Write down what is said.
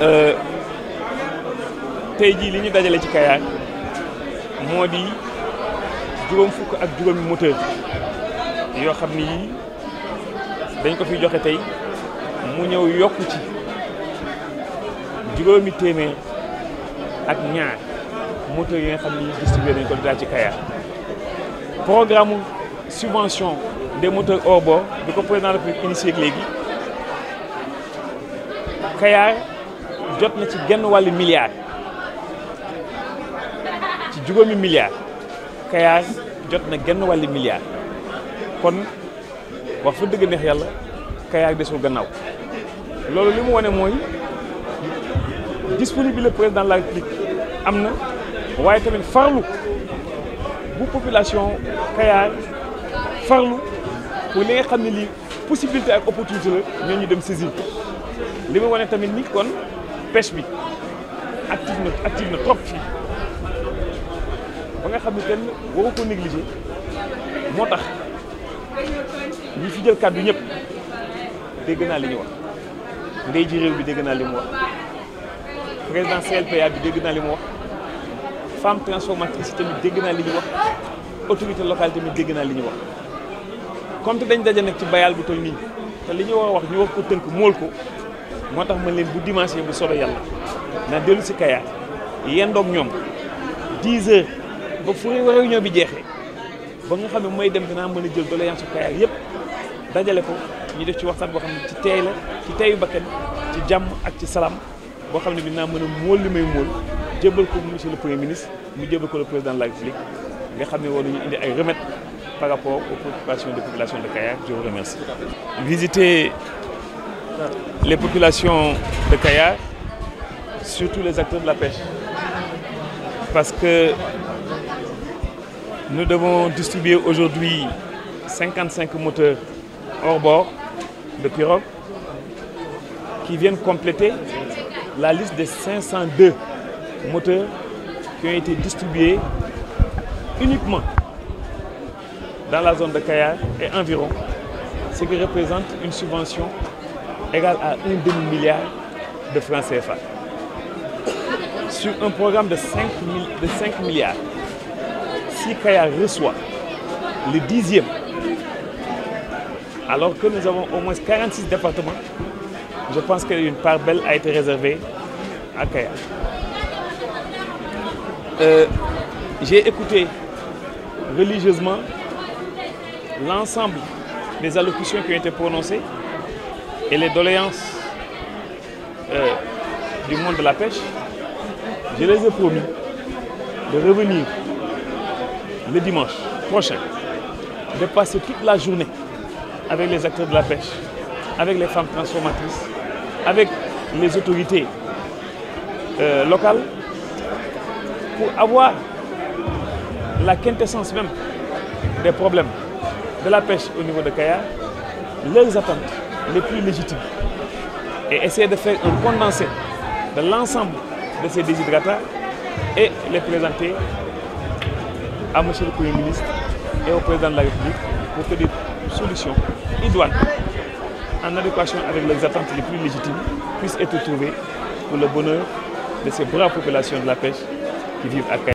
Euh, tey jii li ñu dajale ci Kayar moo di juróom fukk ak juróomi moteur yoo xam ni yii dañ ko fi joxe tey mu ñëw yokk ci juróomi téeméer ak ñaar moteur yi nga xam ni distribué dañ ko daa ci Kayar programme subvention des moteurs hors di bi ko président de la léegi Kayar jot na ci genn wàllu milliard ci juróomi milliard Kayar jot na genn wàlli milliard kon wax fa dëgg yàlla Kayar desul gannaaw loolu li mu wane mooy disponible le président de la République am na waaye tamit farlu bu population Kayar farlu pour li nga xam ne li possibilité ak opportunité la ñoo ñu dem saisir li mu wane tamit ni kon. pêche bi active na active na trop fii ba nga xam ne kenn waru ko négliger moo tax ñi fi jël kàddu ñëpp dégg naa li ñu wax ndey ji réew bi dégg naa li mu wax président CLPA bi dégg naa li mu wax femme transformatrice tamit dégg naa li ñu wax autorité locale tamit dégg naa li ñu wax comme te dañ daje nag ci bayal bu toll nii te li ñu war a wax ñu wax ko tënk mool ko moo tax ma leen bu dimanche bu solo yàlla na dellu si Kayar yendoog ñoom 10 heures ba fu réunion bi jeexee ba nga xam ne may dem dinaa mën a jël doléance su Kayar yëpp dajale ko ñu def ci waxtaan boo xam ne ci teey la ci teeyu bakkan ci jàmm ak ci salaam boo xam ne bi naa mën a móol li may móol jébal ko monsieur le premier ministre mu jébal ko le président de la République nga xam ne war nañu indi ay remèdes par rapport aux préoccupations des populations de Kayar je vous remercie visiter les populations de Kayar, surtout les acteurs de la Parce que nous devons distribuer aujourd'hui 55 moteurs hors bord de pirogue qui viennent la liste des 502 moteurs qui ont été distribués la zone de Kayar et environ, ce qui représente une subvention égale à un demi-milliard de francs CFA. un programme de 5, de 5 milliards, si Kaya reçoit le dixième, alors que nous au moins 46 départements, je pense qu'une part belle a été réservée à Kaya. Euh, J'ai écouté religieusement l'ensemble e les doléances euh, du monde de la pêche, je les ai promis de revenir le dimanche prochain, de passer toute la journée avec les acteurs de la pêche, avec les femmes transformatrices, avec les autorités euh, locales, pour avoir la quintessence même des problèmes de la pêche au niveau de Kaya, leurs attentes les plus légitimes et essayer de faire un condensé de l'ensemble de ces déshydratants et les présenter à monsieur le Premier ministre et au président de la République pour que des solutions idoines en adéquation avec les attentes les plus légitimes puissent être trouvées pour le bonheur de ces braves populations de la pêche qui vivent à Caen.